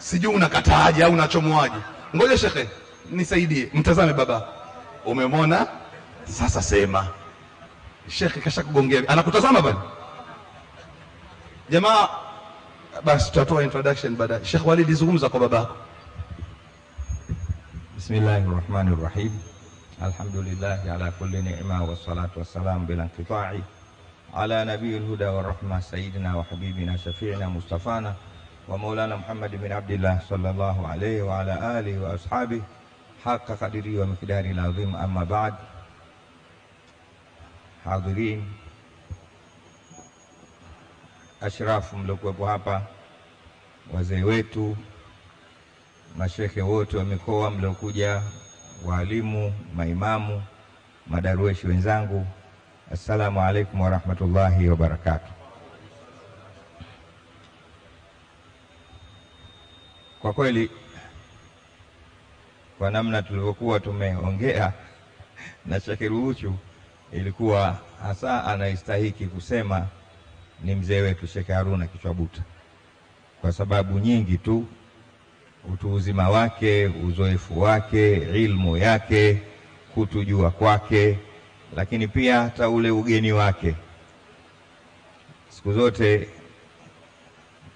sijui unakataaje au unachomwaje. Ngoja shekhe, nisaidie, mtazame baba, umemwona sasa, sema. Shekhe kasha kugongea, anakutazama bana. Jamaa, basi tutatoa introduction baadaye. Shekh Walid, zungumza kwa babako. Bismillahi rahmani rahim, alhamdulillahi ala kulli ni'ma wassalatu wassalamu bila inqita'i ala nabiyil huda wa rahma sayidina wa habibina shafiina mustafana wa Maulana Muhammad bin Abdillah sallallahu alayhi wa ala alihi wa ashabihi haka kadiri wa mikidari lazim. Amma baad, hadhirin, ashrafu mliokuwepo hapa, wazee wetu, mashekhe wote wa mikoa mliokuja, waalimu, maimamu, madarueshi wenzangu, assalamu alaikum warahmatullahi rahmatullahi Kwa kweli kwa namna tulivyokuwa tumeongea na Shakiru Uchu, ilikuwa hasa anaistahiki kusema ni mzee wetu Shekhe Haruna Kichwabuta, kwa sababu nyingi tu, utu uzima wake, uzoefu wake, ilmu yake, kutujua kwake, lakini pia hata ule ugeni wake. Siku zote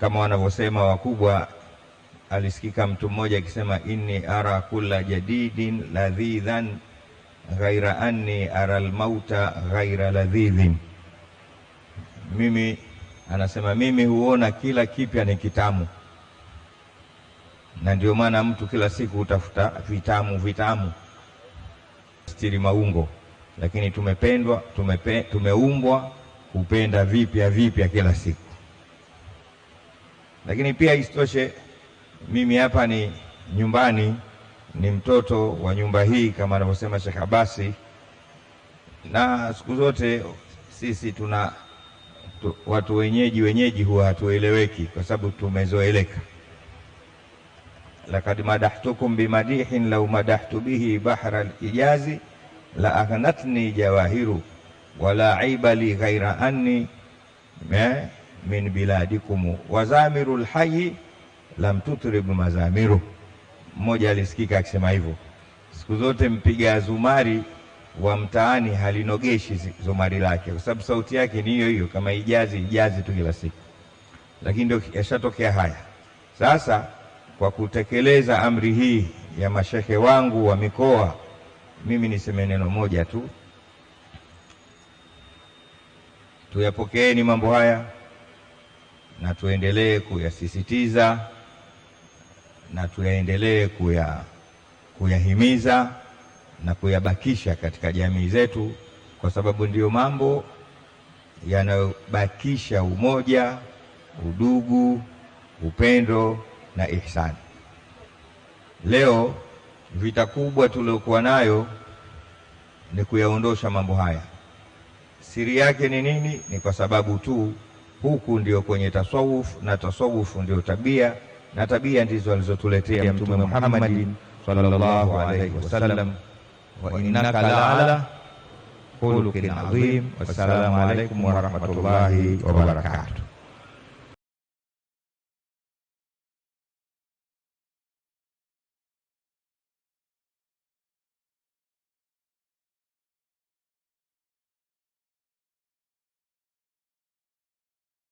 kama wanavyosema wakubwa alisikika mtu mmoja akisema, inni ara kulla jadidin ladhidhan ghaira anni ara almauta ghaira ladhidhin, mimi anasema mimi huona kila kipya ni kitamu, na ndio maana mtu kila siku utafuta vitamu vitamu stiri maungo, lakini tumependwa tumepe, tumeumbwa kupenda vipya vipya kila siku, lakini pia isitoshe mimi hapa ni nyumbani, ni mtoto wa nyumba hii kama anavyosema Sheikh Abasi, na siku zote sisi tuna tu, watu wenyeji wenyeji huwa hatueleweki kwa sababu tumezoeleka. Lakad madahtukum bimadihin lau madahtu bihi bahra lijazi la aghnatni jawahiru wala aiba li ghaira anni eh, min biladikum wazamiru lhayi la mtutu Mazamiru. Mmoja alisikika akisema hivyo, siku zote mpiga zumari wa mtaani halinogeshi zumari lake, kwa sababu sauti yake ni hiyo hiyo, kama ijazi ijazi tu kila siku. Lakini ndio yashatokea haya sasa. Kwa kutekeleza amri hii ya mashehe wangu wa mikoa, mimi niseme neno moja tu, tuyapokeeni mambo haya na tuendelee kuyasisitiza na tuyaendelee kuya, kuyahimiza na kuyabakisha katika jamii zetu, kwa sababu ndiyo mambo yanayobakisha umoja, udugu, upendo na ihsani. Leo vita kubwa tuliokuwa nayo ni kuyaondosha mambo haya. Siri yake ni nini? Ni kwa sababu tu huku ndio kwenye tasawuf na tasawuf ndio tabia na tabia ndizo alizotuletea Mtume Muhammad sallallahu Alaihi wasallam. Wa innaka la ala khuluqin adhim. Wassalamu alaykum wa rahmatullahi